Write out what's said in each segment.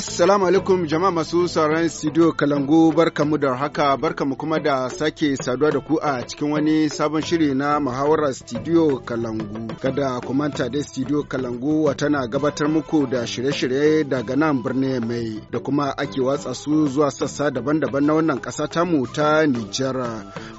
Assalamu alaikum jama'a masu sauran studio Kalangu barkamu da haka mu kuma da sake saduwa da ku a cikin wani sabon shiri na muhawarar studio Kalangu. Kada ku manta da studio Kalangu tana gabatar muku da shirye-shirye daga nan birni mai da kuma ake watsa su zuwa sassa daban-daban na wannan ƙasa tamu ta Nijar.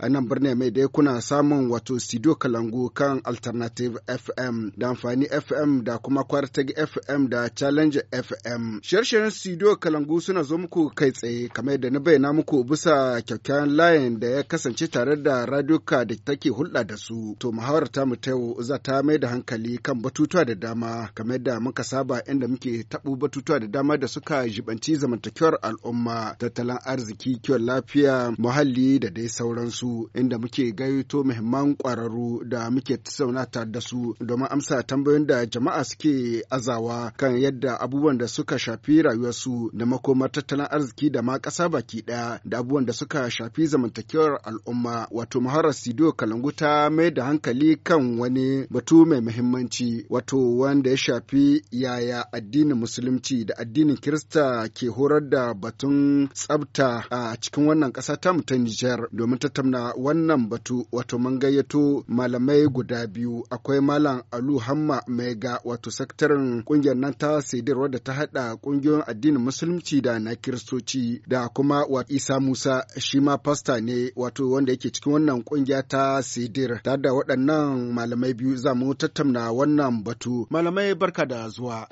A nan birni mai dai kuna samun wato studio Kalangu kan Alternative FM da amfani FM da kuma Kwartag FM da Challenge FM. shirye studio Kalangu suna zo muku kai tsaye kamar da na bayyana muku bisa kyakkyawan layin da ya kasance tare da radioka da take hulɗa da su. To muhawar ta mu ta za ta mai da hankali kan batutuwa da dama kamar da muka saba inda muke tabu batutuwa da dama da suka jibanci zamantakewar al'umma, tattalin arziki, kiwon lafiya, muhalli da dai sauransu inda muke gayyato muhimman ƙwararru da muke tattaunata da su domin amsa tambayoyin da jama'a suke azawa kan yadda abubuwan da suka shafi rayuwa rayuwarsu da makomar tattalin arziki da ma ƙasa baki ɗaya da abubuwan da suka shafi zamantakewar al'umma wato muharar sido kalangu ta mai da hankali kan wani batu mai muhimmanci wato wanda ya shafi yaya addinin musulunci da addinin kirista ke horar da batun tsabta a cikin wannan ƙasa ta ta Nijar domin tattauna wannan batu wato man gayyato malamai guda biyu akwai malam Alu Hamma Mega wato sakataren kungiyar nan ta Sidirwa da ta haɗa kungiyar. kan addinin musulunci da na kiristoci da kuma wa isa musa shi ma fasta ne wato wanda yake cikin wannan kungiya ta sidir ta da waɗannan malamai biyu za mu tattauna wannan batu malamai barka da zuwa.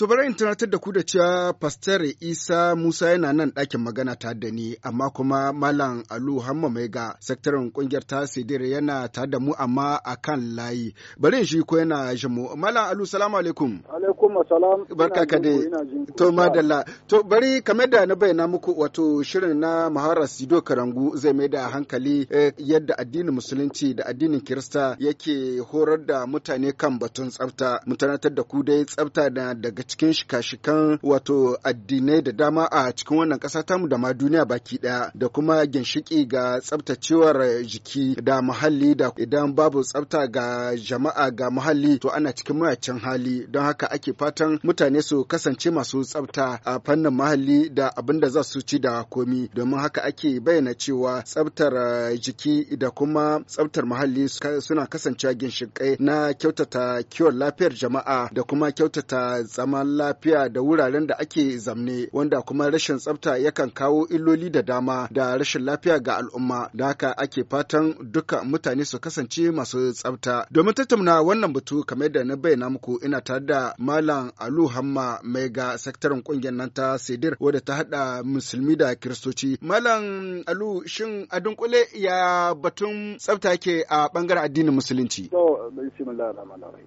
To bari in tunatar da ku da cewa Pastor Isa Musa yana nan ɗakin magana ta da ni, amma kuma Malam Alu Hamma ga sektarin ƙungiyar ta Sidir yana ta da mu amma a kan layi. Bari in shi ko yana jin mu. Malam Alu, salamu alaikum. Alaikum salam. Barka ka dai. To madalla. To bari kamar da na bayyana muku wato shirin na Mahara Sido Karangu zai mai da hankali eh, yadda addinin Musulunci da addinin Kirista yake horar da mutane kan batun tsafta. Mu tunatar da ku dai tsafta da daga cikin shikashikan wato addinai da dama a cikin wannan ƙasa tamu da ma duniya baki ɗaya da kuma ginshiki ga tsabtacewar jiki da muhalli da idan babu tsabta ga jama'a ga muhalli to ana cikin mayacin hali don haka ake fatan mutane su kasance masu tsabta a fannin muhalli da abin da za su ci da komi domin haka ake bayyana cewa tsabtar jiki da kuma tsabtar muhalli suna kasancewa ginshikai na kyautata kiwon lafiyar jama'a da kuma kyautata zama zaman lafiya da wuraren da ake zamne wanda kuma rashin tsafta yakan kawo illoli da dama da rashin lafiya ga al'umma da haka ake fatan duka mutane su kasance masu tsafta domin tattauna wannan batu kamar da na bayyana muku ina tare da malam alu hamma mai ga sektarin kungiyar nan ta sidir wadda ta hada musulmi da kiristoci malam alu shin a dunkule ya batun tsafta ke a bangaren addinin musulunci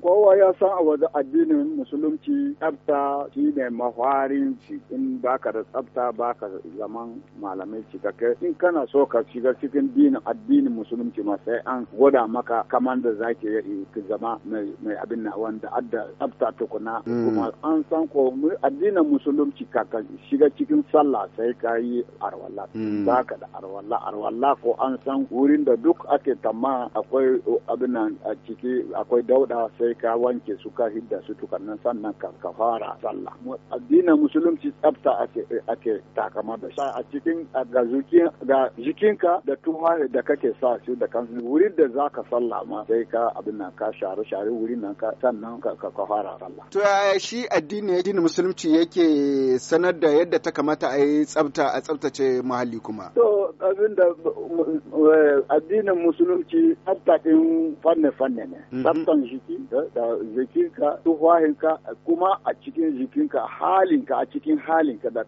kowa ya san a wajen addinin musulunci tsafta shine mafarin ci in baka da tsafta baka zaman malamai kake in kana so ka shiga cikin dinin addinin musulunci ma sai an gwada maka kaman da zaki ki zama mai abin na wanda adda tsafta tukuna mm. kuma an san ko addinin musulunci ka shiga cikin sallah sai ka yi arwalla mm. baka da arwalla arwalla ko an san wurin da duk ake tamma akwai abin a ciki akwai dauda sai ka wanke su ka hidda su tukannan sannan ka kafa fara sallah addinin musulunci tsafta ake takama da shi a cikin ga jikinka da tuhahi da kake sa shi da kan wuri da zaka sallah ma sai ka abin nan ka share share wuri nan ka sannan ka ka fara sallah to shi addini addinin musulunci yake sanar da yadda ta kamata a yi tsafta a tsaftace muhalli kuma to abin da eh, addinin musulunci tsafta din fanne fanne ne mm-hmm. tsaftan jiki da jikinka tuhahinka kuma a cikin jikinka halinka a cikin halinka da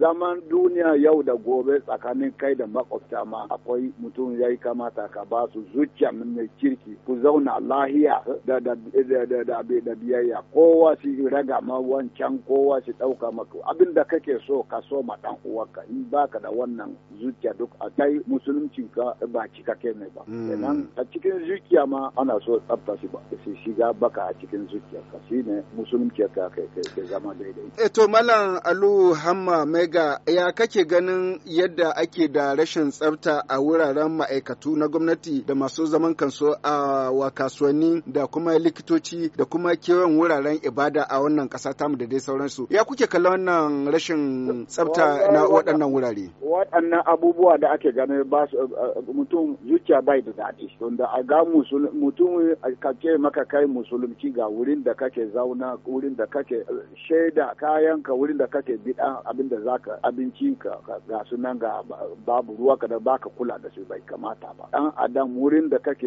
zaman duniya yau da gobe tsakanin kai da makwabta ma akwai mutum ya yi kamata ka ba su zuciya mai kirki ku zauna lahiya da da da biyayya kowa su raga ma wancan kowa su ɗauka maka abin da kake so ka so ma dan uwanka in baka da wannan zuciya duk a kai musulunci ka ba cikakke ne ba hmm. kenan a cikin zuciya ma ana so tsafta shi ba shiga baka a cikin zuciya ka shine musulunci ka ke E eh, to Malam Alu Hamma Mega ya kake ganin yadda ake da rashin tsafta a wuraren ma'aikatu na gwamnati da masu zaman kansu a wa kasuwanni da kuma likitoci da kuma kewan wuraren ibada a wannan kasa tamu da dai sauransu. Ya kuke kalla wannan rashin tsafta na waɗannan wurare? Waɗannan abubuwa da ake ganin ba mutum zuciya bai da daɗi. Tunda a ga mutum kake maka kai musulunci ga wurin da kake zauna wurin da kake kake shaida kayanka wurin da kake bidan abin da za ka abinci ka ga sunan ga babu ruwa ka da baka kula da su bai kamata ba dan adam wurin da kake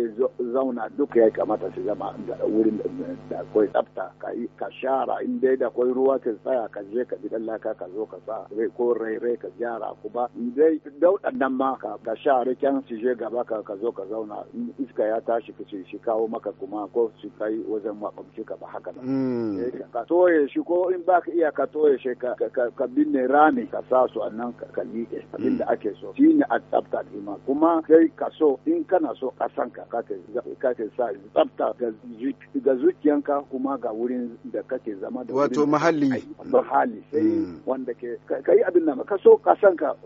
zauna duka ya kamata su zama wurin da akwai tsafta ka shara in dai da akwai ruwa ka tsaya ka je ka bidan laka ka zo ka sa rai ko rai ka gyara ku ba dai daudan nan ma ka share kyan su je gaba ka ka zo ka zauna iska ya tashi ka ce shi kawo maka kuma ko su kai wajen makwabci ka ba haka ba. Mm. Eh, ka toye shi ko in ba ka iya ka toye shi ka binne rami ka sa su a nan ka liƙe abin da mm. ake so shi ne a tsafta ma kuma kai ka so in kana so san ka ke sa tsafta ga zuciyanka kuma ga wurin da kake zama da wato mahalli mahalli sai mm. wanda ke kai abin nan ka so ka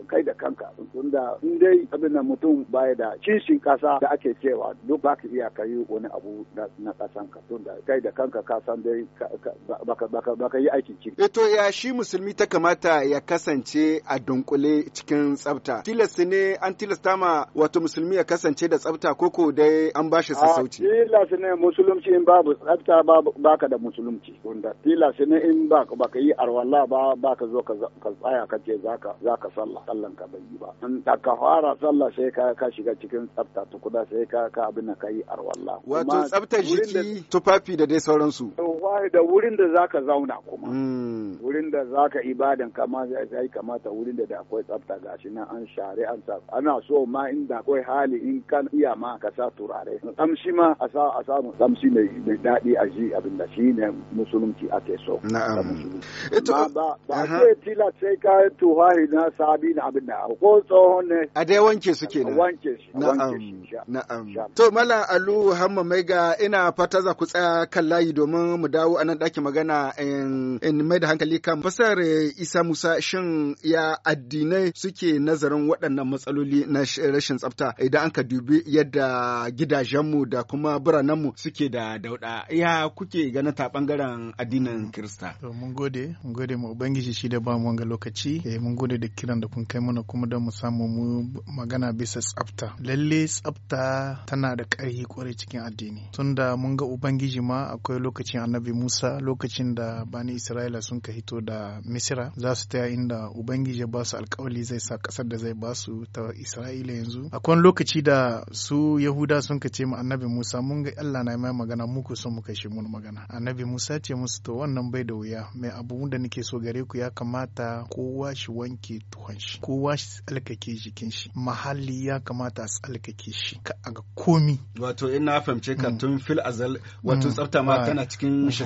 kai da kanka tunda in dai abin nan mutum baya da kishin ƙasa da ake cewa duk ba ka iya yi wani abu na ka tunda kai da kanka ka san dai baka ba ka yi aikin kiri. Eto eh ya shi musulmi ta kamata ya kasance a dunkule cikin tsafta. Tilasta ne an tilasta ma wato musulmi ya kasance da tsafta koko dai an ba shi sassauci. Tilasta ne musulunci in babu tsafta ba ka da musulunci. Wanda tilasta ne in ba ka yi arwala ba ba ka zo ka tsaya ka ce za ka sallah sallan ka bai yi ba. In ka fara sallah sai ka shiga cikin tsafta tukuna sai ka ka abin ka yi arwala. Wato tsaftar jiki tufafi da dai sauransu. da wurin da za ka zauna kuma hmm. wurin da za ka ibadan kama ya yi kamata wurin da da akwai tsafta gashi nan an share an sa ana so ma in da akwai hali in kan iya ma ka sa turare kamshi ma a sa a samu kamshi mai daɗi a ji abin da shi ne musulunci ake so na'am ito eh, ba ba ce tila sai ka tuhahi na sabi na abin da ko tsohon ne a dai wanke su kenan wanke shi na'am to mala alu hamma mai ina fata za ku tsaya kan layi domin mu dawo a nan ɗakin magana in mai da hankali kan fasar eh, Isa Musa shin ya addinai suke nazarin waɗannan matsaloli na rashin tsafta idan an ka dubi yadda gidajenmu da kuma biranenmu suke da dauɗa ya kuke ganin ta ɓangaren addinin Kirista. To mun gode, mun gode mu Ubangiji shi da bamu wanga lokaci, eh, mun gode da kiran da kun kai mana kuma don mu samu mu magana bisa tsafta. Lalle tsafta tana da ƙarfi kwarai cikin addini. Tunda mun ga Ubangiji ma akwai lokacin Annabi Musa lokacin da bani isra'ila sun ka hito da misira za su taya inda ubangiji ba su alkawali zai sa kasar da zai ba su ta isra'ila yanzu akwai lokaci da su yahuda sun ka ce ma annabi musa mun ga allah na mai magana muku son mu kashe mun magana annabi musa ce musu to wannan bai da wuya mai abu da nake so gare ku ya kamata kowa shi wanke tuhon shi kowa shi tsalkake jikin shi mahalli ya kamata a tsalkake shi ka aga komi wato ina fahimce ka mm. tun fil azal wato mm. tsafta ma tana cikin shi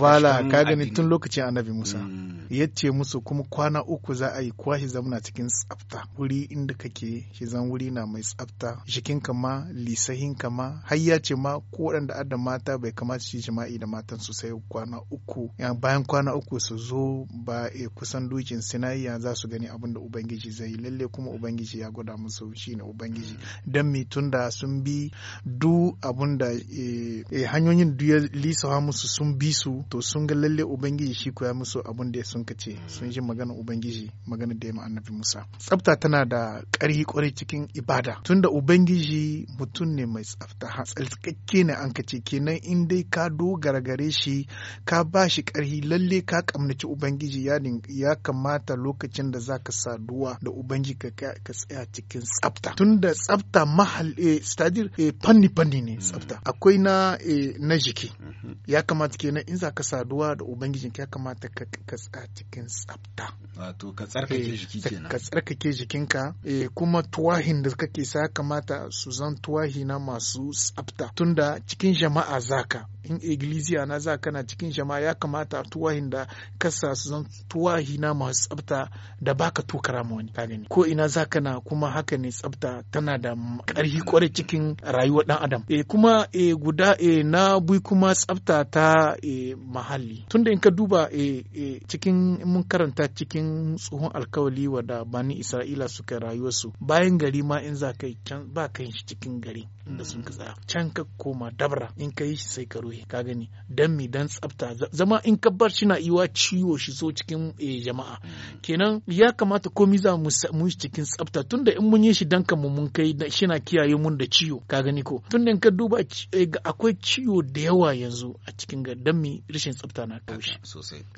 ka gani tun lokacin annabi musa mm. ya ce musu kuma kwana uku za a yi kuwa shi zamana cikin tsafta wuri inda kake shi zan wuri na mai tsafta shikin kama lisahin kama har ya ce ma ko waɗanda adam mata bai kamata su jima'i da matan su sai kwana uku bayan kwana uku su zo ba e kusan dukin sinayya za su gani abin da ubangiji zai yi lalle kuma ubangiji ya gwada musu shi shine ubangiji mm. dan mi tunda sun bi du abin da eh, eh, hanyoyin duk ya lisa musu sun bi su to sun ga lalle ubangiji ubangiji shi ko musu abun da sun kace sun ji magana ubangiji magana da ya annabi musa tsafta tana da ƙarhi kwarai cikin ibada tunda ubangiji mutum ne mai tsafta tsalkakke ne an kace kenan in dai ka dogara gare shi ka ba shi ƙarhi lalle ka kamnaci ubangiji ya kamata lokacin da za sa saduwa da ubangiji ka tsaya cikin tsafta tunda tsafta mahal eh, stadir eh, fanni fanni ne tsafta mm. akwai na eh, na jiki mm-hmm. ya kamata kenan in za zaka saduwa da ubangiji jikinka ya kamata ka katsa cikin tsafta wato ka tsarkake eh, jiki kenan ka tsarkake jikinka eh kuma tuwahin da kake sa kamata su zan tuwahi na masu tsafta tunda cikin jama'a zaka in iglesia na za kana cikin jama'a ya kamata tuwahin da kasa su zan tuwahi na masu tsabta da baka tuka ma wani ka ko ina za kana kuma haka ne tsafta tana da karhi kwarai cikin rayuwar dan adam e kuma e guda e na bui kuma tsafta ta e mahalli tunda in ka duba e, cikin mun karanta cikin tsohon alkawali wada bani isra'ila suka rayuwarsu bayan gari ma in za ka yi can ba kan shi cikin gari da sun ka mm. tsaya can ka koma dabra in ka yi shi sai ka ruhe ka gani dan mi dan tsafta zama in ka bar shi na iwa ciwo shi so cikin eh, jama'a mm. kenan ya kamata komi za mu shi cikin tsafta tunda in mun yi shi dan kanmu mun kai shi na kiyaye mun da ciwo ka gani ko tunda in ka duba eh, akwai ciwo da yawa yanzu a cikin ga dan mi rashin tsafta na kaushi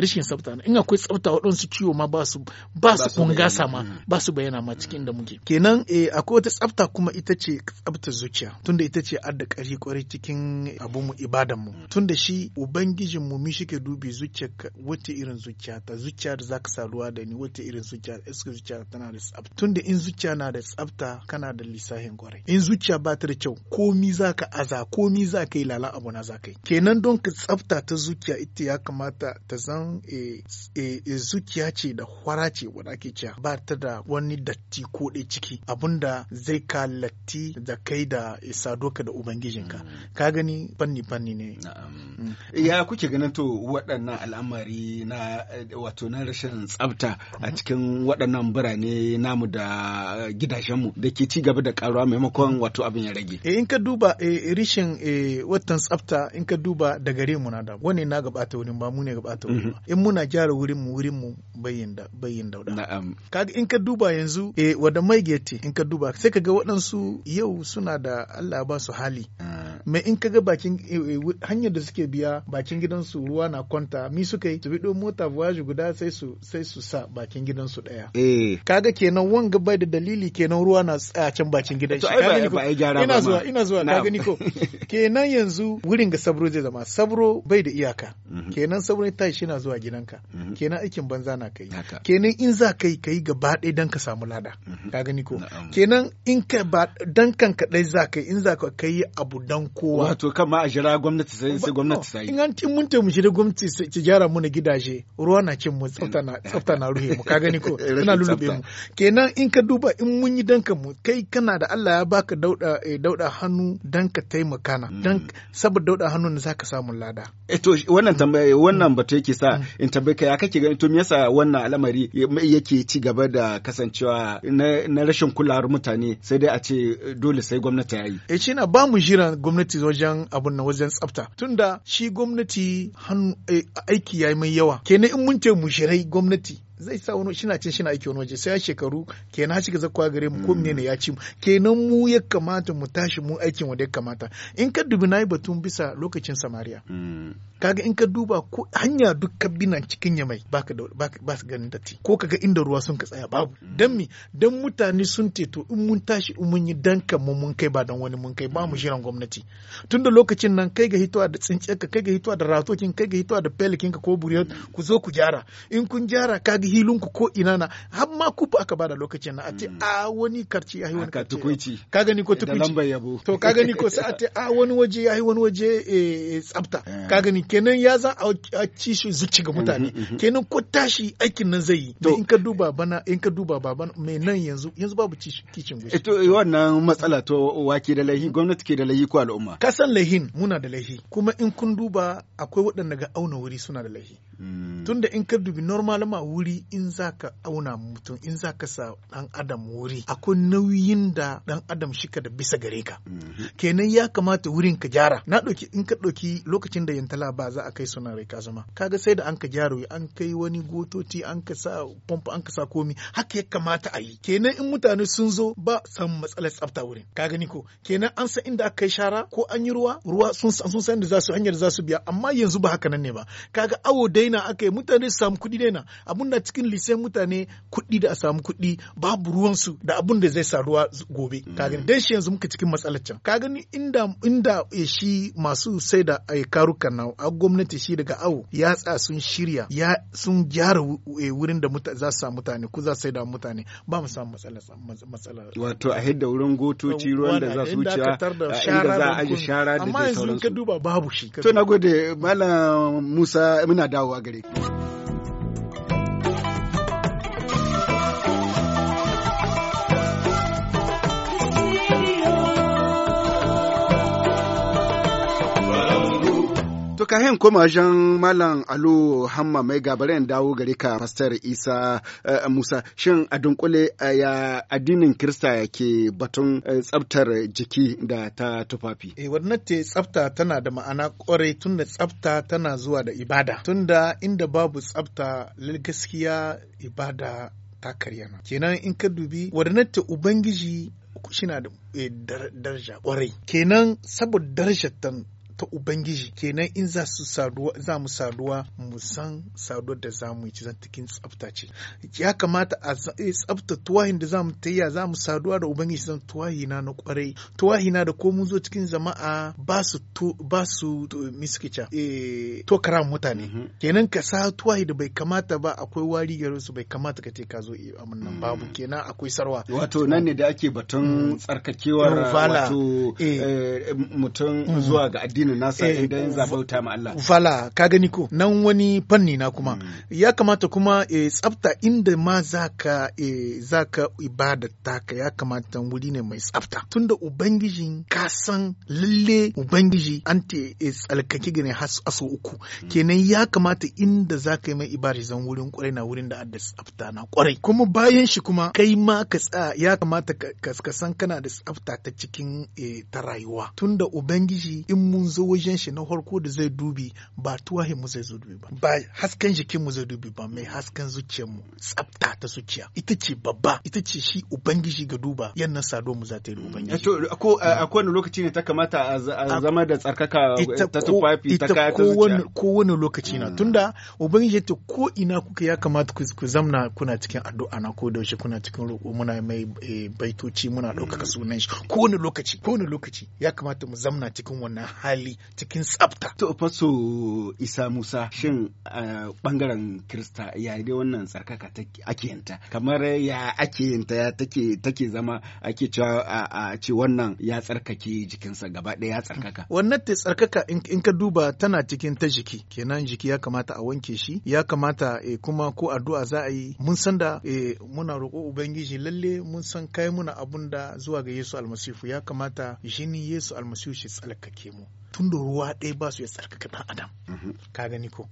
rashin tsafta na in akwai tsafta waɗansu ciwo ma ba su ba su kungasa ma mm. ba su bayyana ma cikin da muke kenan eh, akwai wata tsafta kuma ita ce tsaftar zuciya tunda ita ce adda ƙari kwarai cikin abinmu ibadanmu mm. tunda shi mu mi shike dubi zuciya wata irin zuciya ta zuciya da zaka ruwa da ni wata irin zuciya iska zuciya tana da tsafta tunda in zuciya na da tsafta kana da lissafin kwarai in zuciya ba ta da kyau komi zaka aza komi zaka yi lala abu na zaka yi kenan don ka tsafta ta zuciya ita ya kamata ta zan e, e, e, zuciya ce da hwara ce wanda ake cewa ba ta da wani datti ko ɗaya ciki abinda zai ka latti da kai da sadoka da ubangijinka mm. ka gani fanni fanni ne mm. ya kuke ganin to waɗannan al'amari na wato na rashin tsafta a cikin waɗannan birane namu da gidajenmu da ke ci gaba da karuwa maimakon wato abin ya rage eh, in ka duba eh, rishin eh, watan tsafta in ka duba da gare mu na da wani na gabata wurin ba mu ne gabata wurin ba mm-hmm. in muna gyara wurin mu wurin mu bayin da bayin da na'am kaga in ka duba yanzu eh wada mai gete in ka duba sai ka ga waɗansu yau suna da Allah ba su hali eh. mai in kaga bakin eh, eh, hanyar da suke biya bakin gidansu ruwa na kwanta mi suka yi su bido mota voyage guda sai su sai su sa bakin gidansu daya eh kaga kenan wanga bai da dalili kenan ruwa na tsaya can bakin gidan shi ina zuwa ina zuwa kaga gani ko kenan yanzu wurin ga sabro zai zama sabro bai da iyaka mhm. kenan sabro ta shi na zuwa gidanka mhm. kenan aikin banza na kai kenan in za ka ka kai gaba ɗaya dan ka samu lada mhm. kaga gani ko kenan in ka ba dan kanka dai za yi. in za ka kai abu dan kowa wato kan ma a jira gwamnati sai sai gwamnati sai in an t'i mun ta mu da gwamnati sai ki gyara mu gidaje ruwa na cin mu tsafta na mm. tsafta na ruhe mu ka gani ko tana lulube mu kenan in ka duba in mun yi dan mu kai kana da Allah ya baka dauda eh, dauda hannu dan ka taimaka na mm. dan saboda dauda hannu ne zaka samu lada eh to wannan tambaya eh, wannan mm. bata yake sa in tabbai ka ya kake gani to me yasa wannan al'amari yake ci gaba da kasancewa na rashin kulawar mutane sai dai a ce dole sai gwamnati ya yi yi e eh, shi na ba mu jiran gwamnati wajen abun nan wajen tsafta tunda shi gwamnati hannu eh, aiki yayi mai yawa kenan in mun ce mu shirai gwamnati zai sa wani shina ce shina aiki wani waje sai ya shekaru kenan zai zakwa gare mu ko mm. ne ya ci mu kenan mu ya kamata mu tashi mu aikin wanda ya kamata in ka dubi na yi batun bisa lokacin samariya mm. kaga in ka duba ko hanya duk bina cikin yamai baka da ba su ganin datti ko kaga inda ruwa sun ka tsaya babu mm. dan mi dan mutane sun teto in mun tashi in mun yi dan mu mun kai ba dan wani mun kai ba mu shirin mm. gwamnati tunda lokacin nan kai ga hitowa da ka kai ga hitowa da ratokin kai ga hitowa da pelikin ka ko buriyar ku zo ku gyara in kun gyara kaga ku ko ina na har ma kufa aka bada lokacin nan a ce mm. a wani karci ya yi wani karci ka gani ko tukuici to ka gani ko sai a ce a wani waje ya yi wani waje eh, eh, tsafta eh. ka gani kenan ya za a ci shi zuci ga mhm, mutane mhm, mhm. kenan ko tashi aikin nan zai yi in ka duba bana in ka duba bana, mai nan yanzu yanzu babu kicin gushi eh, to eh, wannan matsala to wa ke da laihi gwamnati ke da laihi ko al'umma kasan laihin muna da laihi kuma in kun duba akwai waɗanda ga auna wuri suna da laihi Mm. tunda in ka dubi normal wuri in za ka auna mutum in za ka sa dan adam wuri akwai nauyin da dan adam shika da bisa gare ka mm-hmm. kenan ya kamata wurin ka gyara na ɗauki in ka ɗauki lokacin da yantala ba za a kai suna rai ka zama kaga sai da an ka gyara an kai wani gototi an ka sa pompa an ka sa komi haka ya kamata a yi kenan in mutane sun zo ba san matsalar tsafta wurin ka gani ko kenan an san inda aka kai shara ko an yi ruwa ruwa sun san da za su hanyar za su biya amma yanzu ba haka nan ne ba kaga awo dai daina aka yi mutane su samu kuɗi daina abun da cikin lisan mutane kuɗi da a samu kuɗi babu ruwansu da abun da zai saruwa gobe ka gani mm. dan shi yanzu muka cikin matsalar can ka gani inda inda eh, shi masu sai da eh, karukan na a gwamnati shi daga awo ya tsa sun shirya ya sun gyara eh, wurin da za su samu mutane ku za su sai da mutane ba mu samu matsalar wato a hidda wurin gotoci ruwan da za su wuce inda za a aje shara da sauransu amma yanzu ka duba babu shi to na gode malam Musa muna dawo kowa kahin koma jan malam alo hamma mai gabarin dawo gare ka pastor isa eh, musa shin a dunkule eh, ya addinin kirista yake batun eh, tsabtar jiki da ta tufafi eh wannan te tsabta tana da ma'ana kwarai tunda tsabta tana zuwa da ibada tunda inda babu tsabta gaskiya ibada ta karyana kenan in ka dubi te ubangiji na da daraja kwarai kenan saboda darajar ta ubangiji kenan in za su saduwa za mu saduwa mu san saduwa da za mu yi cizan cikin tsafta ce ya kamata a eh, tsafta tuwahin da za mu tayya za mu saduwa da ubangiji zan tuwahi na na kwarai na da ko mun zo cikin jama'a ba su ba su miskica to eh, kara mutane mm-hmm. kenan ka sa tuwahi da bai kamata ba akwai wari gare su bai kamata ka ce ka zo eh, amin nan babu mm. kenan akwai sarwa wato nan ne da ake batun mm. tsarkakewar wato mutum mm. zuwa ga addinin amalin nasa eh, idan zabauta ma Allah fala ka gani ko nan wani fanni na kuma mm. ya kamata kuma eh, tsafta inda ma zaka eh, zaka ibada taka ya kamata wuri ne mai tsafta tunda ubangiji. ka san lalle ubangiji an te tsalkake gane aso uku mm. kenan ya kamata inda zaka yi mai ibada zan wurin kwarai na wurin da adda tsafta na kwarai kuma bayan shi kuma kai ma ka tsa ya kamata ka san kana da tsafta ta cikin ta rayuwa tunda ubangiji in mun yanzu wajen shi na farko da zai dubi ba tuwahin mu zai dubi ba ba hasken jikin mu zai dubi ba mai hasken zuciyar mu tsafta ta zuciya ita ce babba ita ce shi ubangiji ga duba yannan sado mu za ta yi ubangiji eh, ko eh, a kowane lokaci ne ta kamata a zama da tsarkaka ta tufafi ta kaya ta zuciya wani lokaci na hmm. tunda ubangiji ta ko ina kuka ya kamata ku zamna kuna cikin addu'a na ko da yaushe kuna cikin roƙo muna mai eh, baitoci muna ɗaukaka sunan shi wani lokaci ko wani lokaci ya kamata mu zamna cikin wannan hali hankali cikin tsafta. To faso Isa Musa shin bangaren Kirista ya yi dai wannan tsarkaka ake yinta kamar ya ake yinta ya take zama ake cewa a ce wannan ya tsarkake jikinsa gaba ɗaya ya tsarkaka. Wannan ta tsarkaka in ka duba tana cikin ta jiki kenan jiki ya kamata a wanke shi ya kamata e, kuma ko addu'a za a yi mun san da e, muna roƙo Ubangiji lalle mun san kai muna abun da zuwa ga Yesu almasifu ya kamata jini Yesu almasifu shi tsarkake mu. tun da ruwa ɗaya ba su ya tsarkaka ɗan adam mhm. ka gani ko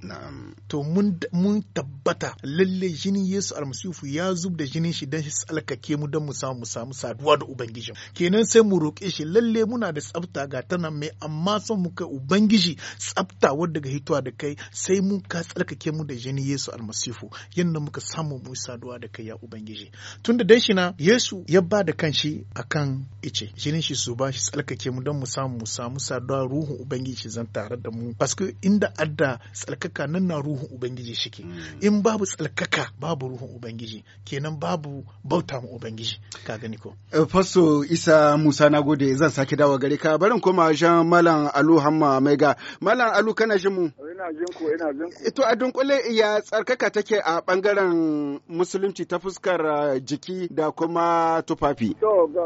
to mun tabbata lalle jinin yesu almasifu ya zub da jinin shi don tsarkake mu don mu samu mu samu saduwa da ubangijin kenan sai mu roƙe shi lalle muna da tsafta ga tana mai amma son mu kai ubangiji tsafta wadda ga hitowa da kai sai mun ka tsarkake mu da jinin yesu almasifu yadda muka samu mu saduwa da kai ya ubangiji da dai shi na yesu ya ba da kanshi akan ice jinin shi su ba shi tsarkake mu don mu samu mu samu saduwa ruhu ruhun ubangiji zan tare da mu paske inda adda tsalkaka nan na ruhun ubangiji shike hmm. in babu tsalkaka babu ruhun ubangiji kenan babu bauta mu ubangiji ka gani ko faso eh, isa musa na gode zan sake dawo gare ka barin koma jean malam alu hamma mega malam alu kana jin mu eh, ina jin ku ina jin ku eh, to a dunkule ya tsarkaka take a bangaren musulunci ta fuskar uh, jiki da kuma tufafi to ga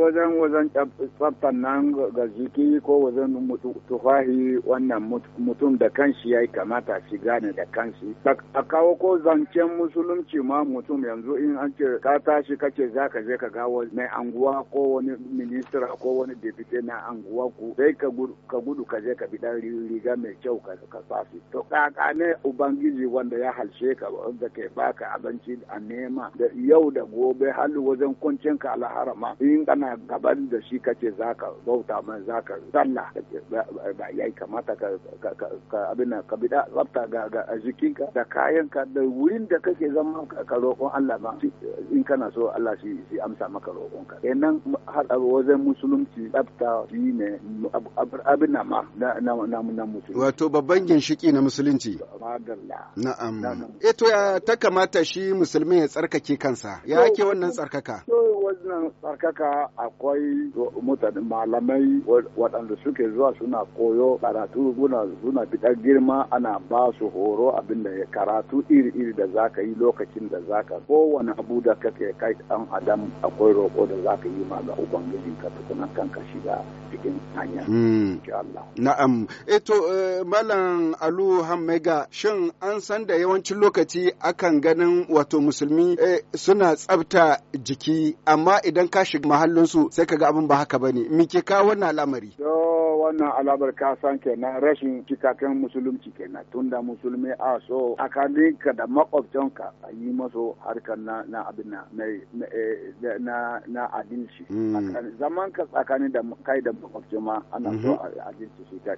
wajen wajen tsaftan nan ga jiki ko wajen irin tufahi wannan mutum da kanshi ya kamata shi gane da kanshi a kawo ko zancen musulunci ma mutum yanzu in an ce ka tashi kace za ka je ka gawo mai anguwa ko wani ministra ko wani deputy na anguwa ku sai ka gudu ka je ka bi dan riga mai kyau ka safi to kaka ne ubangiji wanda ya halshe ka wanda ke baka abinci a nema da yau da gobe hali wajen kwancin ka alharama in kana gaban da shi kace za ka bauta mai za ka sallah ya kamata ka abin nan ka bida tsafta ga jikinka da kayanka da wurin da kake zama ka roƙon Allah ba in kana so Allah shi amsa maka roƙonka kenan har a wajen musulunci tsafta shi ne abin na ma na musulunci wato babban ginshiki na musulunci na'am eto eh, ya ta kamata shi musulmi ya tsarkake kansa ya ake wannan tsarkaka wannan tsarkaka akwai mutane malamai waɗanda su suke zuwa suna koyo karatu suna fitar girma ana ba su horo abin da ya karatu iri-iri da za ka yi lokacin da za ka kowane abu da ke kai dan adam akwai roƙo da za ka yi ma ga ubangijin ka tukunan ka shiga cikin hanya. Hmm. Na'am. Eto eh eh, Malam Alu Hammega shin an san da yawancin lokaci akan ganin wato musulmi eh, suna tsabta jiki amma idan ka shiga mahallinsu sai ka ga abin ba haka bane. ne. Mike kawo wannan al'amari? wannan alamar kasan kenan rashin cikakken musulunci kenan tunda musulmi a so a ka da makwabcinka a yi maso harkar na na abin na na na mm. zaman ka tsakanin da kai da makwabci ma ana so mm-hmm. adalci shi ta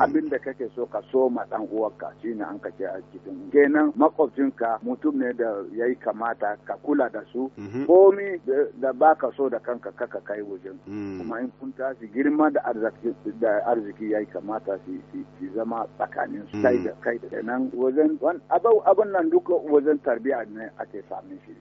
abin da kake so ka so ma dan uwarka shine an kace a cikin kenan makwabcinka mutum ne da yayi kamata ka kula da su mm-hmm. komi da baka so da kanka kaka kai wajen mm. kuma in kun tashi girma da arzikin da arziki ya kamata su zama tsakanin su hmm. kai da kai da nan wajen abau nan duka wajen tarbiya ne ake sami shi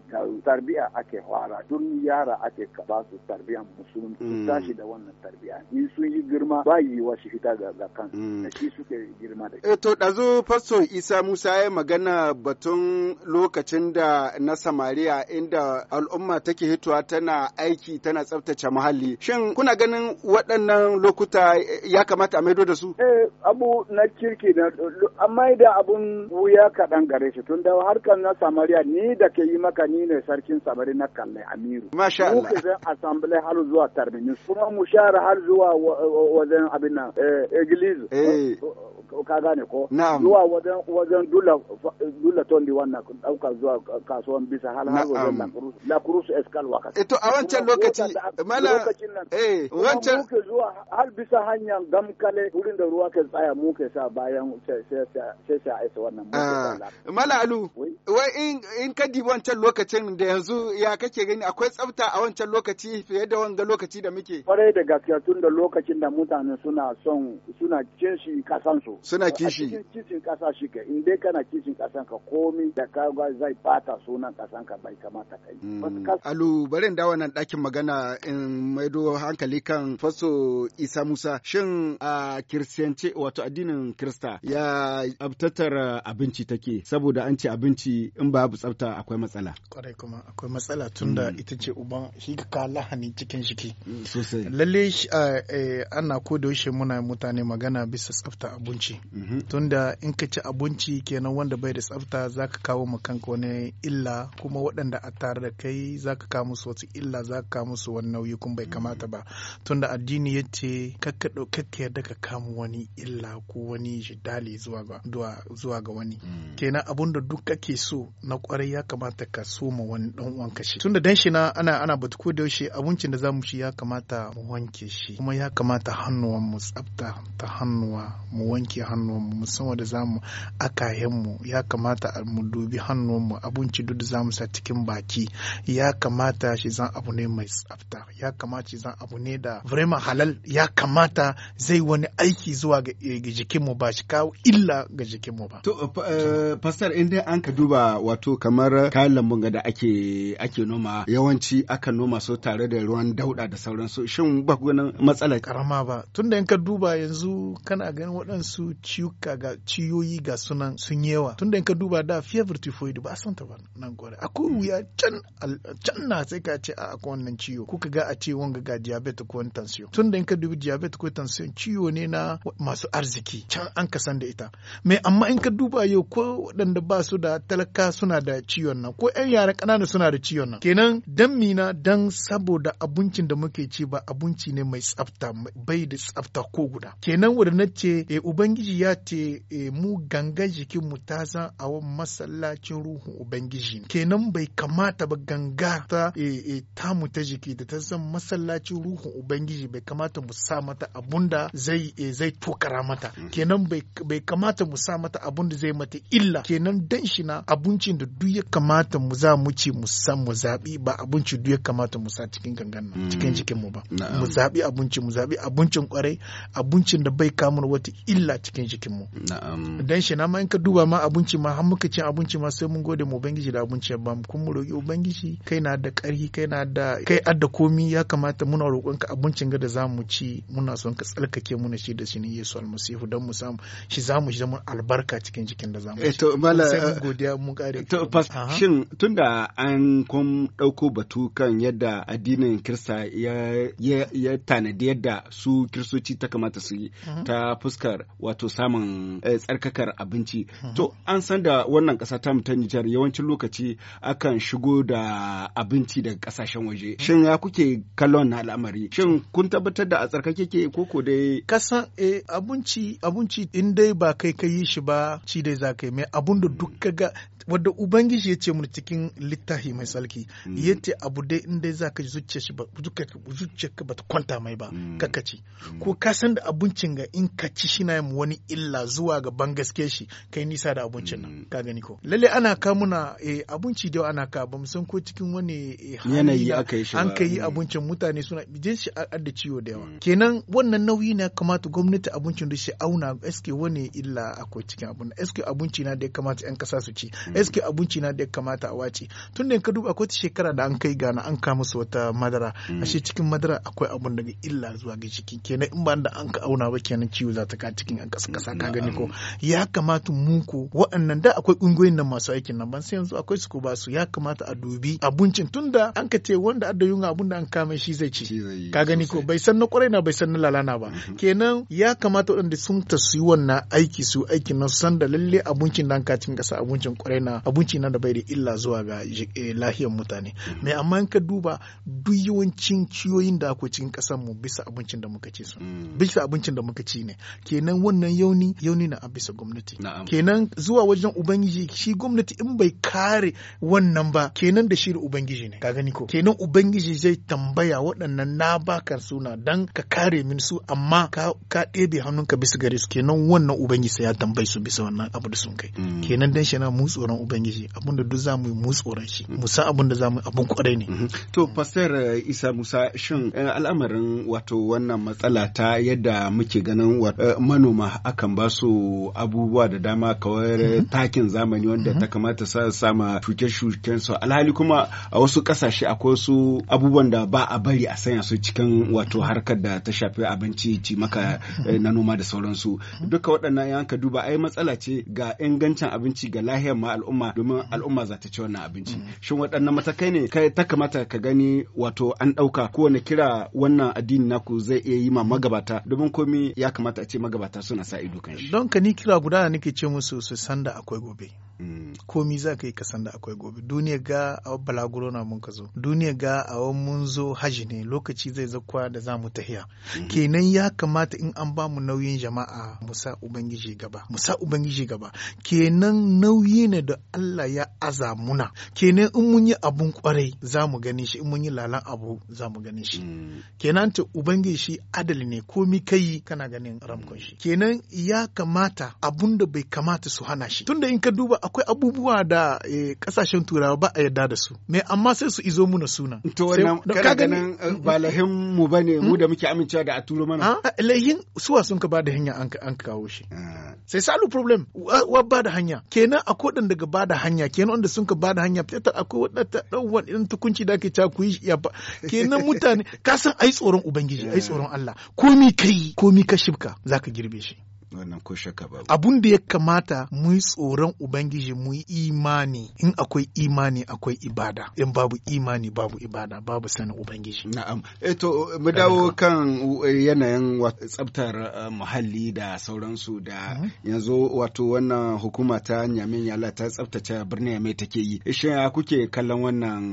tarbiya ake fara tun yara ake ba su tarbiya musulun su hmm. tashi da wannan tarbiya in sun yi girma ba yi wa shi fita ga kan hmm. da shi suke girma da shi. Eh, to ɗazu fasto isa musa ya magana batun lokacin da na samariya inda al'umma take hitowa tana aiki tana tsaftace muhalli shin kuna ganin waɗannan lokuta ya kamata a maido da su? Eh, abu na kirki na amma da abun wuya kaɗan gare shi tun da harkar na samariya ni da ke yi maka ni ne sarkin samari na kalle amiru. Masha Allah. Mu zan assembly har zuwa terminus kuma mu share har zuwa wajen abin nan eh, egilizu. Eh. Ka gane ko? Na'am. Zuwa wajen wajen dula dula tondi wannan ɗaukar zuwa kasuwan bisa har har wajen la cruz escal wakati. Eto a wancan lokaci. Mala. Eh. Wancan. Muke zuwa har bisa hanyar damkale wurin da ruwa ke tsaya mu ke sa bayan sai sai aisa wannan ah. mala alu wai in ka dibi wancan lokacin da yanzu ya kake gani akwai tsafta a wancan lokaci fiye da wanga lokaci da muke kwarai da gaskiya tun da lokacin da mutane suna son suna kishi kasan su suna kishi kishin kasa shi ke in dai kana kishin kasan ka komi da ka zai bata sunan kasan ka bai kamata kai mm. alu barin dawo nan dakin magana in maido hankali kan faso isa musa shin a kiristiyance wato addinin kirista ya tsaftar abinci take saboda an ce abinci in ba bu tsafta akwai matsala. Kwarai kuma akwai matsala tunda mm. ita ce uban shi ka lahani cikin shiki. Mm, sosai. Lalle uh, ana ko da yaushe muna mutane magana bisa tsafta abinci. Mm -hmm. Tunda in ka ci abinci kenan wanda bai da tsafta zaka kawo ma kanka wani illa kuma waɗanda a tare da kai zaka kawo musu wasu illa zaka kawo musu wani nauyi kun bai mm. kamata ba. Tunda addini yace kakka ka ɗaukakka yadda ka kama wani illa ko wani jidali zuwa ga wani mm. kenan abun da duk kake so na kwarai ya kamata ka so ma wani dan uwanka shi tunda dan shi na ana ana batu ko da yaushe abincin da zamu ci ya kamata mu wanke shi kuma ya kamata hannuwan mu tsafta ta hannuwa mu wanke hannuwan mu musamman da zamu akayen mu ya kamata mu dubi hannuwan mu abinci duk da zamu sa cikin baki ya kamata shi zan abu ne mai tsafta ya kamata shi zan abu ne da vraiment halal ya kamata bukata zai wani aiki zuwa eh, ga jikinmu ba shi kawo illa ga jikinmu ba. To, Fasar, eh, eh, in dai an ka duba wato kamar kayan lambun da ake ake noma yawanci aka noma su tare da ruwan dauda da sauransu shin ba ku matsala karama ba tunda in ka duba yanzu kana ganin waɗansu ciyuka ga ciyoyi ga sunan sun yawa tunda in ka duba da fever typhoid ba a san ta ba nan gore akwai wuya can can na sai ka ce a akwai wannan ciwo kuka ga a ce wanga ga diabetes ko wani tension tunda in ka dubi diabetes ko tension ciwo ne na masu arziki can an ka san da ita mai amma in ka duba yau ko waɗanda ba su da talaka suna da ciwon nan ko 'yan yara ƙanana suna da ciwon nan kenan dan mina dan saboda abincin da muke ci ba abinci ne mai tsafta bai da tsafta ko guda kenan wadannan ce e, ubangiji ya ce e, mu gangan jikin mu ta san a masallacin ruhun ubangiji kenan bai kamata ba ganga ta e, eh, e, tamu ta jiki da ta san masallacin ruhun ubangiji bai kamata mu sa mata mata abun da zai eh, zai tokara mata mm. kenan bai kamata mu sa mata abun da zai mata illa kenan dan shi na abincin da duk ya kamata mu za mu ci mu san mu zabi ba abinci duk ya kamata mu sa cikin gangan nan cikin cikin mm. mu ba mu zabi abinci mu zabi abincin kwarai abincin da bai kamu wata illa cikin cikin mu dan shi na ma in ka duba ma abinci ma har muka ci abinci ma sai mun gode mu ubangiji da abinci ya bamu kun mu roki ubangiji kai na da karhi kai na da kai adda komi ya kamata muna roƙon ka abincin ga da zamu ci muna son ka tsarkake mu shi da shinin Yesu almasihu don mu samu shi zamu shi zama albarka cikin jikin da zamu eh, to mala mu eh, godiya mu kare to shin tunda an kun dauko batu kan yadda addinin Kirista ya tanadi yadda su Kiristoci ta kamata su yi ta fuskar wato samun eh, tsarkakar abinci to an san da wannan kasa ta mu ta Nijar yawancin lokaci akan shigo da abinci daga kasashen waje shin ya kuke kallon al'amari shin kun tabbatar da a tsarkake ke ne koko dai kasan e abinci abinci in dai ba kai ka yi shi ba ci dai za ka yi mai abun da duk ga wadda ubangiji ya ce mun cikin littafi mai tsarki mm. ya ce abu dai inda za ka zuce shi zuciya ka kwanta mai ba mm. ka kaci mm. ko ka san da abincin ga in ka ci shi na yin wani illa zuwa ga bangaske shi kai nisa da abincin nan ka gani ko lalle ana ka muna eh, abinci da ana ka ba san ko cikin wani eh, yanayi aka yi shi an ka yi abincin mutane suna je shi adda ciwo da yawa kenan wannan nauyi na kamata gwamnati abincin da shi auna eske wani illa akwai cikin abun eske abinci na da kamata yan kasa su ci eske abinci na da kamata a wace tun da ka duba akwai ta shekara da an kai gana an kama musu wata madara mm. ashe cikin madara akwai abun daga illa zuwa ga ciki kenan in ba da an ka auna ba kenan ciwo za ta ka cikin an kasa kasa ka gani ko ya kamata mu ko waɗannan da akwai ƙungiyoyin nan masu aikin nan ban sai yanzu akwai su ko ba su ya kamata a dubi abincin da. an ka ce wanda adda yunga abun da an kama shi zai ci ka gani ko bai san na kwarai na bai san na lalana ba mm-hmm. kenan ya kamata waɗanda sun ta su yi wannan aiki su aikin nan san da lalle abincin da an ka cikin kasa abincin kwarai na abinci na da bai da illa zuwa ga eh, lahiyar mutane mai amma ka duba duk yawancin ciyoyin da akwai cikin kasar mu bisa abincin da muka ci su mm. bisa abincin da muka ci ne kenan wannan yauni yauni na a bisa gwamnati kenan zuwa wajen ubangiji shi gwamnati in bai kare wannan ba kenan da shi da ubangiji ne ka gani ko kenan ubangiji zai tambaya waɗannan na baka suna dan ka kare min su amma ka ɗebe hannunka bisa gare su kenan wannan ubangiji ya tambayi su bisa wannan abu da sun kai mm. kenan dan shi na mu tsoron sunan ubangiji abinda duk za mu yi mu tsoron shi mu abinda za mu abin kwarai ne mm-hmm. to pastor uh, isa musa shin uh, al'amarin wato wannan matsala ta yadda muke ganin uh, manoma akan ba su abubuwa da dama kawai mm-hmm. takin zamani wanda mm-hmm. ta kamata sa sama shuke-shuken su alhali kuma a wasu kasashe akwai su abubuwan da ba a bari a sanya su cikin wato harkar da ta shafi abinci ci maka na noma da sauransu duka waɗannan yanka duba ai matsala ce ga ingancin abinci ga lahiyar ma al'umma domin mm. al'umma za ta ci wannan abinci mm. shin waɗannan matakai ne ta kamata ka gani wato an ɗauka kowane kira wannan addini naku zai iya yi ma magabata domin komi ya kamata a ce magabata suna sa ido kan shi don ka ni kira guda nake ce musu su san da akwai gobe komi za ka yi kasan da akwai gobe duniya ga a balaguro na mun ka zo duniya ga a mun zo haji ne lokaci zai zakwa da za mu tahiya mhm. kenan ya kamata in an ba mu nauyin jama'a Musa sa ubangiji gaba mu sa ubangiji gaba kenan nauyi ne da Allah ya azamuna. kenan in mun yi abun kwarai za mu gani shi in mun yi lalan abu za mu gani shi mm. kenan ta ubangiji shi adali ne komi kai kana ganin ramkon shi mm. kenan ya kamata abun da bai kamata su hana shi tunda in ka duba akwai abubuwa da kasashen eh, turawa ba a yarda da su me amma sai su izo muna suna to wannan kana ganin eh, ba mu bane mu hmm? da muke amincewa da a turo mana ah, ah, lahin suwa sun ka bada hanya an kawo shi ah. sai salu problem wa bada hanya kenan akwai dan daga bada hanya kenan wanda sun ka bada hanya fitar akwai wadata dan wani irin tukunci da ke ta ku yi kenan mutane ka san ai tsoron ubangiji ai tsoron Allah komi kai komi ka shibka zaka girbe shi wannan ko shakka babu abun da ya kamata mu yi tsoron ubangiji mu yi imani in akwai imani akwai ibada in babu imani babu ibada babu sanin ubangiji na'am eto eh, mu dawo kan eh, yanayin tsabtar eh, muhalli da sauransu da mhm. yanzu wato wannan hukuma ta nyamin yala ta tsabtace birnin yamai take yi shin ya kuke kallon wannan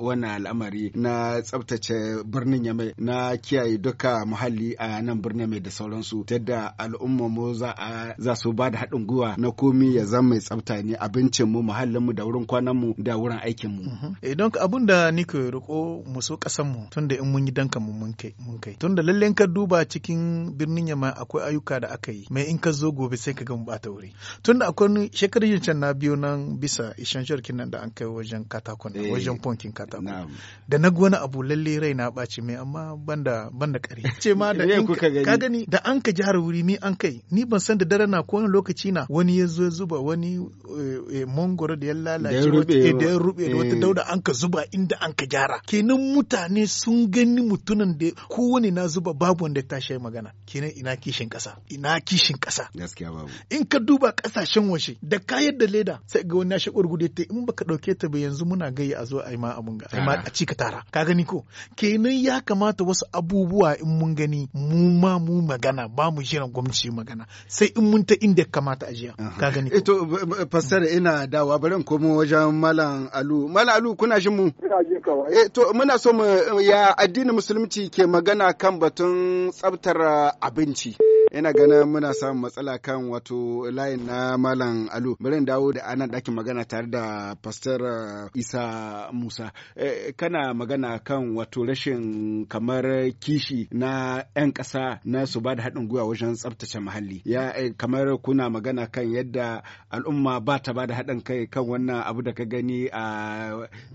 wannan al'amari na tsabtace birnin yamai na kiyaye duka muhalli a nan birnin mai da sauransu ta da al'ummar mu za a za su ba da haɗin gwiwa na komi ya zama mai tsafta ne abincin mu muhallin mu da wurin kwanan mu da wurin aikin mu idan mhm. eh, abun da ni ke roko mu so kasan mu tunda in mun yi danka mu mun kai mun kai tunda lalle ka duba cikin birnin yamma akwai ayyuka da aka yi mai in ka zo gobe sai ka ga mu bata wuri tunda akwai shekarun can na biyu nan bisa ishanshar nan da an kai wajen katakon eh, wajen ponkin katakon da na wani abu lalle rai na ɓaci mai amma banda banda kare ce ma da in ka gani da an ka jihar wuri mi an kai ni ban san da dare na ko wani lokaci na wani ya zo ya zuba wani eh, eh, mangoro da ya lalace da ya eh, rube da wata dauda an ka zuba inda an ka gyara kenan mutane sun gani mutunan da wani na zuba babu wanda ta shi magana kenan ina kishin kasa ina kishin kasa gaskiya babu in ka duba kasashen washe da kayan da leda sai ga wani ya shi gurgude ta in baka dauke ta ba yanzu muna gai a zo a yi ma abun ga a ci ka tara ka gani ko kenan ya kamata wasu abubuwa in mun gani mu ma mu magana ba mu jiran gwamnati magana rana sai in mun ta inda kamata a jiya ka gani eh, to pastor eh, eh, ina dawa bari in komo wajen malam alu malam alu kuna jin mu eh to muna so mu ya addinin musulunci ke magana kan batun tsabtar abinci ina ganin muna samun matsala kan wato layin na malam alu bari dawo da ana ɗakin magana tare da pastor uh, isa musa eh, kana magana kan wato rashin kamar kishi na 'yan ƙasa na su ba da haɗin gwiwa wajen tsabtace muhalli ya eh, kamar kuna magana kan yadda al'umma ba ta ba da haɗin kai kan wannan abu da ka gani a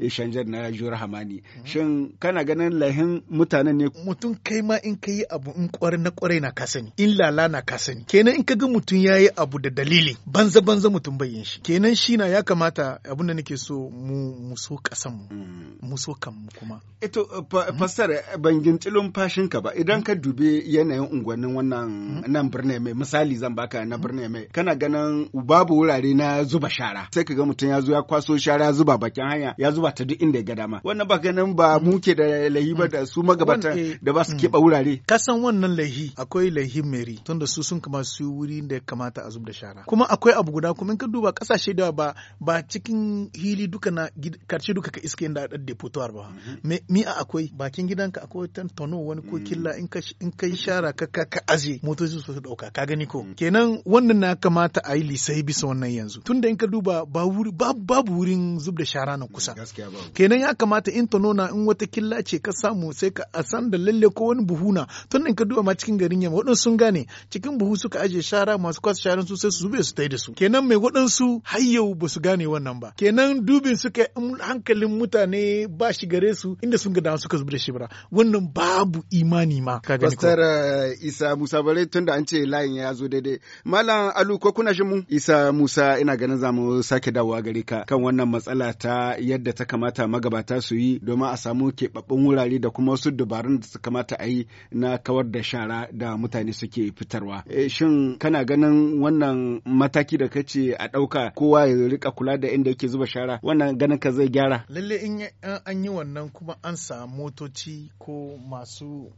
eh, shanjar na jura hamani mhm. shin kana ganin lahin mutanen ne mutum kai ma in ka yi abu in kwarai na kwarai na ka sani lala na kasan kenan in ka ga mutum ya yi abu da dalili banza banza mutum bai yin shi kenan shi na ya kamata abin da nake so mu so kasan mu mm. mu so kan mu kuma eto eh, mm-hmm. pastor eh, ban gintsi lumfashin ka ba idan ka dube yanayin unguwannin wannan mm-hmm. nan birnin mai misali zan baka na birnin mai kana ganin babu wurare na zuba shara sai ka ga mutum ya zo ya kwaso shara zuba bakin hanya ya zuba ta duk inda ya ga dama wannan ba ganin ba muke da lahi ba mm. da su magabatan eh, da ba su mm. keɓe wurare kasan wannan lahi akwai lahi mai wuri tunda su sun kama su wuri da ya kamata a zub da shara kuma akwai abu guda kuma in ka duba kasashe da ba ba cikin hili duka na karshe duka ka iske inda a da fitowar ba mhm. mi a akwai bakin gidanka akwai tan tono wani ko mm. killa in ka in ka shara ka ka, ka aje motoci su dauka ka gani ko mm. kenan wannan na kamata a yi lisai bisa wannan yanzu tunda in ka duba ba wuri babu wurin zub da shara na kusa mm, kenan ya kamata in tono na in wata killa ce ka samu sai ka a san da lalle ko wani buhuna tun in ka duba ma cikin garin yamma waɗansu sun gane cikin buhu suka aje shara masu kwasa sharan su sai su zube su tai da su kenan mai waɗansu har yau ba su gane wannan ba kenan dubin suka hankalin mutane ba shi gare su inda sun ga dama suka zube da shi bara wannan babu imani ma ka gani ko eh, Isa Musa bare tunda an ce layin ya zo daidai malam Alu ko kuna shi mu Isa Musa ina ganin za mu sake dawowa gare ka kan wannan matsala ta yadda ta kamata magabata su yi domin a samu keɓaɓɓen wurare da kuma wasu dabarun da su kamata a yi na kawar da shara da mutane suke fitarwa eh, shin kana ganin wannan mataki da kace a ɗauka kowa ya rika kula da inda yake zuba shara wannan ganin ka zai gyara lalle in an yi wannan kuma an samu motoci ko masu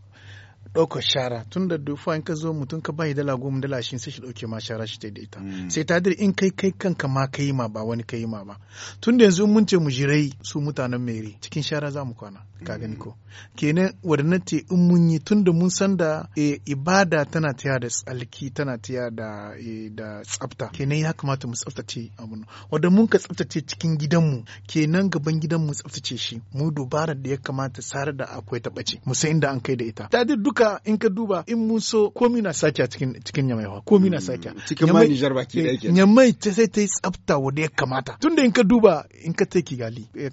ɗaukar shara tun da dufa in ka zo mutum ka bayi dala goma dala shi sai shi ɗauke ma shara shi ta da ita mm. sai ta dir in kai kai kanka ma kai yi ma ba wani ka yi ma ba tun da yanzu mun ce mu jirai su mutanen mere cikin shara za mu kwana ka mm. gani ko kenan wadannan ce in mun yi tun da mun san da eh, ibada tana taya da tsalki tana taya da eh, da tsafta kenan ya kamata mu tsaftace abun wanda mun ka tsaftace cikin gidan gidanmu kenan gaban gidan mu tsaftace shi mu dubarar da ya kamata sare da akwai ta bace mu san inda an kai da ita ta duk duka in ka duba in mun so komi na sake a cikin cikin yamaiwa komi na hmm, sake cikin ma Nijar baki da yake yamai ta sai ta yi tsafta wanda ya kamata tunda in ka duba in ka ta Kigali eh, a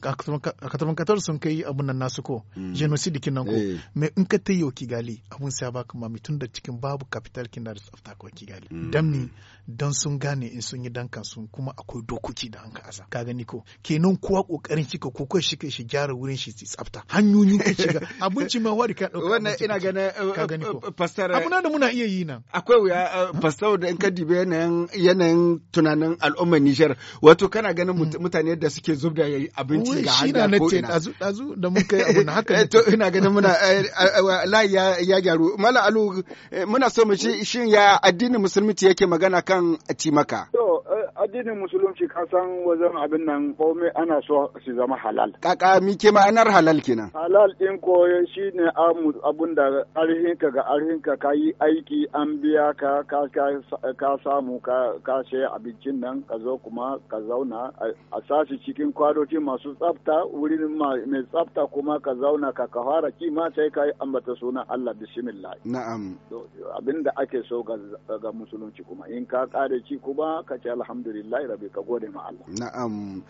katamar katar sun kai abun nan nasu ko hmm. genocide kin nan ko eh. mai in ka ta yi Kigali abun sai baka tun da cikin babu capital kin da tsafta ko Kigali hmm. damni don sun gane in sun yi dan kasu kuma akwai dokoki da an ka aza ka gani ko kenan kuwa kokarin shi ka ko kai shi shi gyara wurin shi shi tsafta hanyoyin ka shiga abinci ma wari ka dauka wannan ina gane uh, ka uh, gani ko uh, pastor abuna da muna iya yi nan akwai wuya pastor da in ka dibe yanayin yanayin tunanin al'ummar Niger wato kana ganin mm. mutane yadda suke zubda yayi abinci ga hanya ko ina dazu dazu da mun kai abu na haka eh, to ina ganin muna eh, eh, layi ya gyaru mala alu muna so mu shi shin ya addinin musulmi yake magana kan cimaka. To, eh, addinin musulunci kasan wajen abin nan komai ana so su zama halal. Kaka mike ma'anar halal kenan. Halal ɗin ko shi ne abun da arhinka ga arhinka ka yi aiki an biya ka ka samu ka she abincin nan ka zo kuma ka zauna a sashi cikin kwadoci masu tsafta wurin mai tsafta kuma ka zauna ka ka fara kima sai ka yi ambata suna Allah bismillah. Na'am. Abin da ake so ga musulunci kuma in ka ka ci kuma ka ce alhamdulillah rabi ka gode ma Allah na'am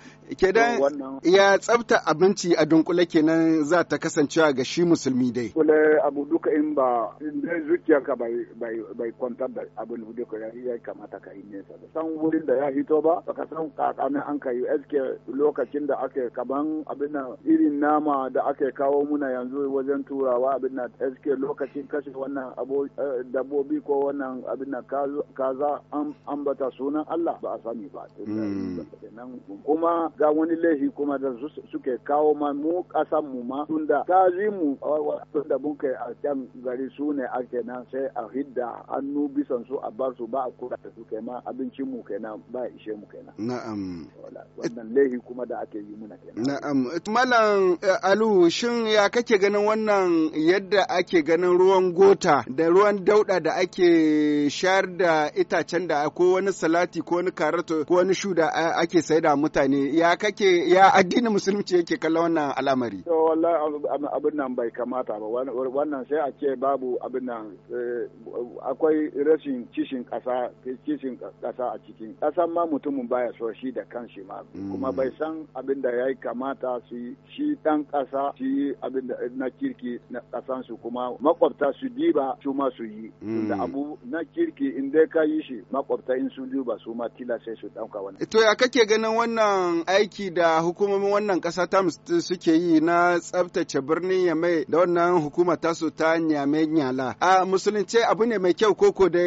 dan ya tsafta abinci a dunkule kenan za ta kasancewa ga shi musulmi dai kule abu duka in ba in zuciyarka bai bai bai kwantar da abu duka ya kamata ka yi nesa da san wurin da ya hito ba baka san kakanin an ka yi eske lokacin da ake kaban abin irin nama da ake kawo muna yanzu wajen turawa abin nan eske lokacin kashe wannan eh, dabobi ko wannan abin kaza an an ambata sunan Allah ba a sani ba hmm. kuma ga wani laifi kuma da suke kawo ma mu kasan mu ma tunda ta ji mu tunda mun kai a can gari su ne a kenan sai a hidda hannu bisan su a bar su ba a kura da su kenan abincin mu kenan ba ishe mu kenan na'am wannan laifi kuma da ake yi muna kenan na'am malam eh, alu shin ya kake ganin wannan yadda ake ganin ruwan gota da ruwan dauda da ake shayar da itacen da ko wani salati ko wani karato ko wani shuda ake sai da mutane ya kake ya addinin musulunci yake kalla wannan al'amari. To wallahi abin nan bai kamata ba wannan sai a ce babu abin nan eh, akwai rashin kishin kasa kishin kasa a cikin kasan ma mutumin baya so shi da kanshi ma mm. kuma bai san abin da yayi kamata su shi dan kasa shi abin da na kirki na kasan su kuma makwabta su diba su ma su yi. Mm. Da abu na kirki in dai ka yi shi makwabta in sun ba su ma tila sai su ɗauka wannan. To ya kake ganin wannan aiki da hukumomin wannan ƙasa ta suke yi na tsabtace birnin Yamai da wannan hukuma ta su ta Nyame Nyala. A musulunce abu ne mai kyau koko da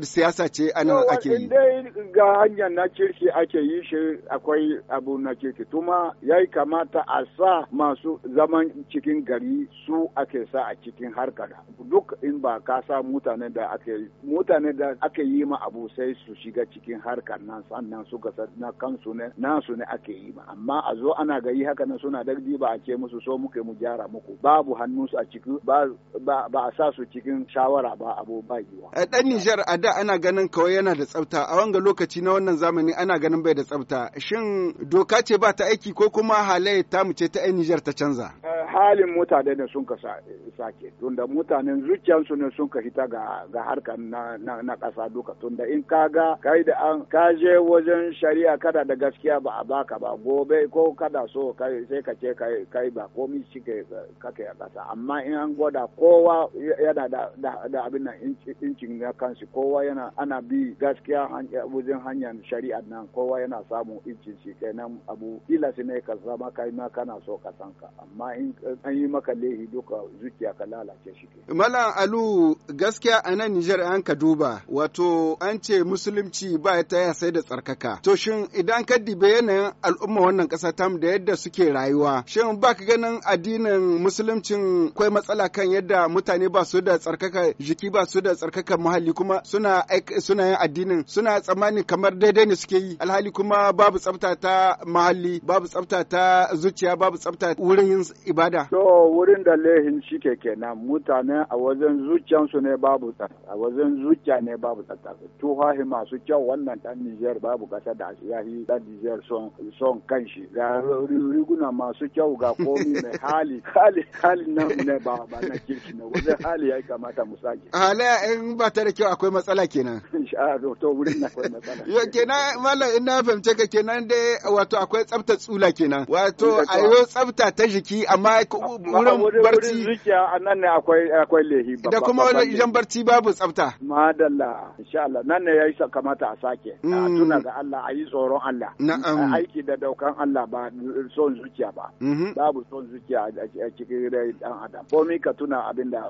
siyasa ce a nan ake yi. Dai ga hanyar na kirki ake yi shi akwai abu na kirki tuma ya kamata a sa masu zaman cikin gari su ake sa a cikin harkar duk in ba ka sa mutane da ake mutane da ake yi ma abu sai sai su shiga cikin harkar nan sannan su ga na kansu ne nasu ne ake yi ba amma a zo ana gayi haka nan suna dagdi ba a ce musu so muke mu gyara muku babu su a ciki ba a sa su cikin shawara ba abu ba yiwa. dan eh, Nijar a da ana ganin kawai yana da tsafta a wanga lokaci na wannan zamani ana ganin bai da tsafta shin doka ce ba ta aiki ko kuma halaye ta mu ce ta 'yan Nijar ta canza. Eh, halin mutane ne sun ka sake tunda mutanen zuciyansu ne sun ka hita ga harkar na ƙasa duka tunda in ka ga kai da an ka je wajen shari'a kada da gaskiya ba a baka ba gobe ko kada so kai sai ka ce kai kai ba komi ke kake a kasa amma in an gwada kowa yana da da abin nan incin na kansu kowa yana ana bi gaskiya wajen hanyar shari'a nan kowa yana samun incin shi kenan abu su ne ka zama kai ma kana so ka san ka amma in an yi maka lehi duka zuciya ka lalace shi ke. Malam Alu gaskiya a nan Nijar an ka duba wato an ce musulunci ba ya taya sai da tsarkaka to shin idan ka dibe yanayin al'umma wannan ƙasa tam da yadda suke rayuwa shin ba ka ganin addinin musuluncin akwai matsala kan yadda mutane ba su da tsarkaka jiki ba su da tsarkaka muhalli kuma suna suna yin addinin suna tsammani kamar daidai ne suke yi alhali kuma babu tsafta ta muhalli babu tsafta ta zuciya babu tsafta wurin yin ibada to wurin da lehin shi ke kenan mutane a wajen zuciyansu ne babu tsafta a wajen zuciya ne babu tsafta to tufafi masu kyau wannan dan Nijar babu kasa da ya yi dan Nijar son son kanshi ga riguna masu kyau ga komi mai hali hali hali nan ne ba ba na kirki na wajen hali ya kamata mu sake hala in ba ta da kyau akwai matsala kenan insha Allah to wurin na akwai matsala yo kenan mallam in na fahimce ka kenan dai wato akwai tsafta tsula kenan wato ayo tsafta ta jiki amma wurin barci zuciya anan ne akwai akwai lehi da kuma wajen barci babu tsafta madalla insha Allah nan ne ya yi kamata a sake a hmm. tuna ga Allah a yi tsoron Allah a aiki da daukan Allah ba son zuciya ba hmm. babu son zuciya a cikin rai dan adam komai ka tuna abin da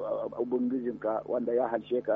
ka wanda ya halshe ka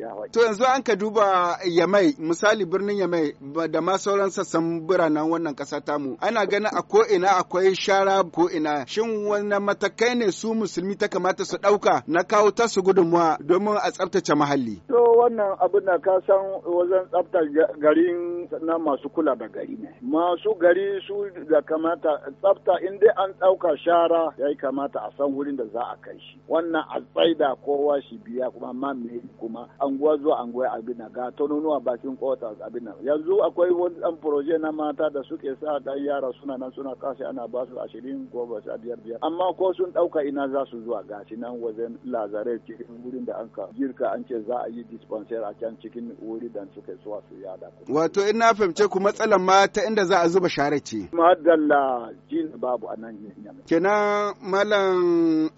ya hawa to yanzu an ka duba yamai misali birnin yamai da ma sauran sassan biranen wannan kasa tamu ana ganin a ko ina akwai shara ko ina shin wannan matakai ne su musulmi ta kamata su dauka na kawo tasu gudunmuwa domin a tsaftace muhalli to wannan abu na ka san wajen tsaftar garin na masu kula da gari ne. Masu gari su da kamata tsafta in dai an ɗauka shara ya kamata a san wurin da za a kai shi. Wannan a tsaida kowa shi biya kuma ma me kuma anguwa zuwa anguwa abin ga tononuwa bakin kota abin nan. Yanzu akwai wani ɗan proje na mata da suke sa da yara suna nan suna kashe ana ba su ashirin goma sha biyar biyar. Amma ko sun ɗauka ina za su zuwa gashi nan wajen lazare cikin wurin da an ka girka an ce za a yi dispensary a can cikin wurin idan suka so su yada kuma wato in na fahimce ku matsalar ma ta inda za a zuba share ce madalla jin babu anan yanya kenan malam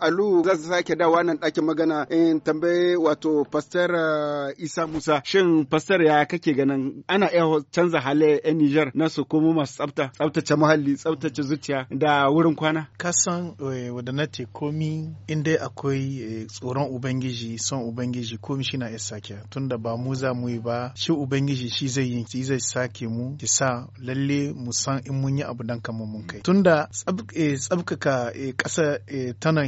alu za su sake dawa nan ɗakin magana in tambaye wato pastor uh, isa musa shin pastor ya kake ganin ana iya canza halaye yan nijar na su komo masu tsafta tsaftace muhalli tsaftace zuciya da wurin kwana kasan eh, wadana te komi inda akwai eh, tsoron ubangiji son ubangiji komi shi na iya sake tunda ba mu za mu yi ba shi ubangiji shi zai yi shi zai sake mu ki sa lalle mu san in mun yi abu dan kamar mun kai tunda eh, tsabkaka eh, ƙasa eh, tana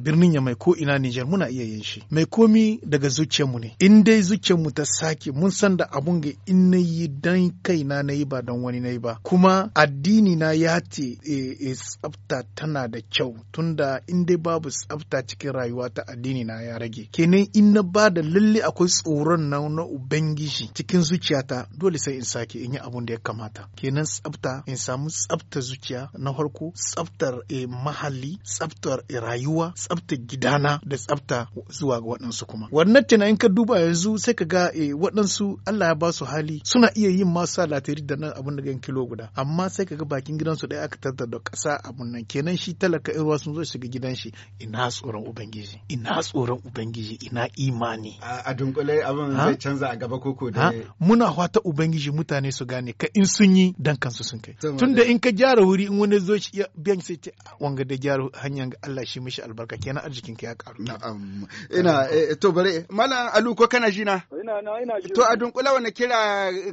birnin ya mai ko ina Nijar muna iya yin shi mai komi daga mu ne in dai mu ta sake mun san da abun ga in nayi dan kaina na yi ba dan wani na yi ba kuma addini na ya ce tsafta tana da kyau tunda in dai babu tsafta cikin rayuwa ta addini na ya rage kenan in na ba da lalle akwai tsoron na ubangiji shi cikin zuciyata dole sai in sake in yi abun da ya kamata kenan tsafta in samu tsafta zuciya na farko tsaftar e mahalli tsaftar e rayuwa tsaftar gidana da tsafta zuwa ga waɗansu kuma wannan tana in ka duba yanzu sai ka ga e waɗansu Allah ya ba su hali suna iya yin masu salatari da nan abun da gan kilo guda amma sai ka ga bakin gidansu ɗaya aka tattar da ƙasa abun nan kenan shi talaka in ruwa sun zo shiga gidan shi ina tsoron ubangiji ina tsoron ubangiji ina imani a dunkule abin zai canza a gaba ko iko da muna fata ubangiji mutane su gane ka in sun yi dan kansu sun kai tunda in ka gyara wuri in wani zo shi biyan sai ce ah, wanga da gyara hanyar ga Allah shi mishi albarka kenan arzikin ka ya karu na'am ina eh, eh, to bare malam alu ko kana ji na ina na ina ji to a dunkula wani kira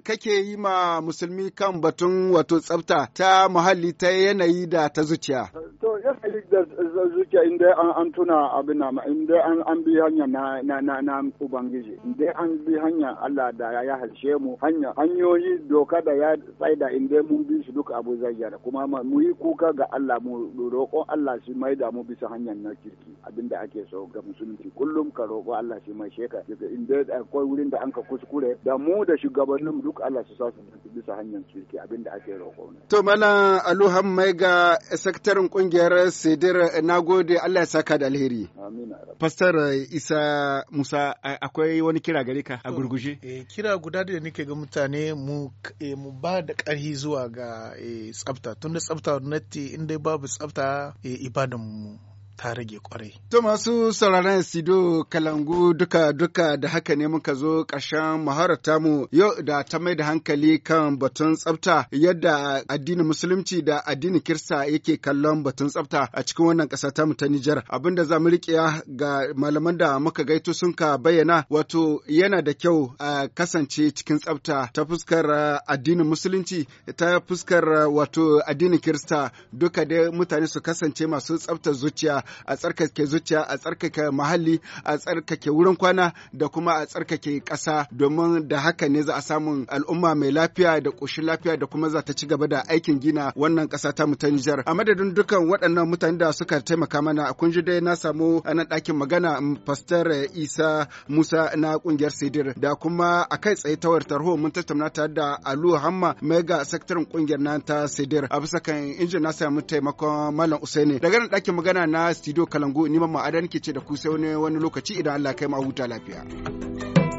kake yi ma musulmi kan batun wato tsafta ta muhalli ta yanayi da ta zuciya to yanayi da zuciya inda an tuna abin inda an bi hanya na na na ubangiji inda an bi hanya Allah da ya halshe mu hanya hanyoyi doka da ya tsaye da inda mun bi shi duka abu zai gyara kuma mu yi kuka ga Allah mu roƙon Allah shi mai da mu bisa hanyar na kirki abinda ake so ga musulunci kullum ka roƙo Allah shi mai sheka daga inda akwai wurin da an ka kuskure da mu da shugabannin duk Allah su sa su bisa hanyar kirki abinda ake roƙo ne to mala aluhan mai ga sakataren kungiyar Sidir nagode Allah ya saka da alheri amina pastor Isa Musa akwai wani kira gare ka a gurguje eh, kira guda da nake ga mutane mu eh, ba da ƙarhi zuwa ga eh, tsafta tunda tsafta gwamnati in dai babu tsafta eh, ibadan mu ta rage kwarai. To masu sauraron Sido Kalangu duka duka da haka ne muka zo ƙarshen maharata mu yau da ta mai da hankali kan batun tsafta yadda addinin musulunci da addinin kirista yake kallon batun tsafta a cikin wannan ƙasa ta mu ta Nijar. Abin da za mu riƙe ga malaman da muka gaito sun ka bayyana wato yana da kyau a kasance cikin tsafta ta fuskar addinin musulunci ta fuskar wato addinin kirista duka da mutane su kasance masu tsaftar zuciya a tsarkake zuciya a tsarkake muhalli a tsarkake wurin kwana da kuma a tsarkake ƙasa domin da haka ne za a samun al'umma mai lafiya da ƙoshin lafiya da kuma za ta ci gaba da aikin gina wannan ƙasa ta mu ta Nijar a madadin dukan waɗannan mutane da suka taimaka mana kun kunji dai na samu anan ɗakin magana pastor Isa Musa na ƙungiyar Sidir da kuma a kai tsaye ta tarho mun tattauna tare da Alu Hamma mega sektarin ƙungiyar nan ta Sidir a bisa kan injin na samu taimakon Malam Usaini daga nan ɗakin magana na studio kalangu ni mamma adan ke ce da ku sai wani lokaci idan Allah kai ma huta lafiya.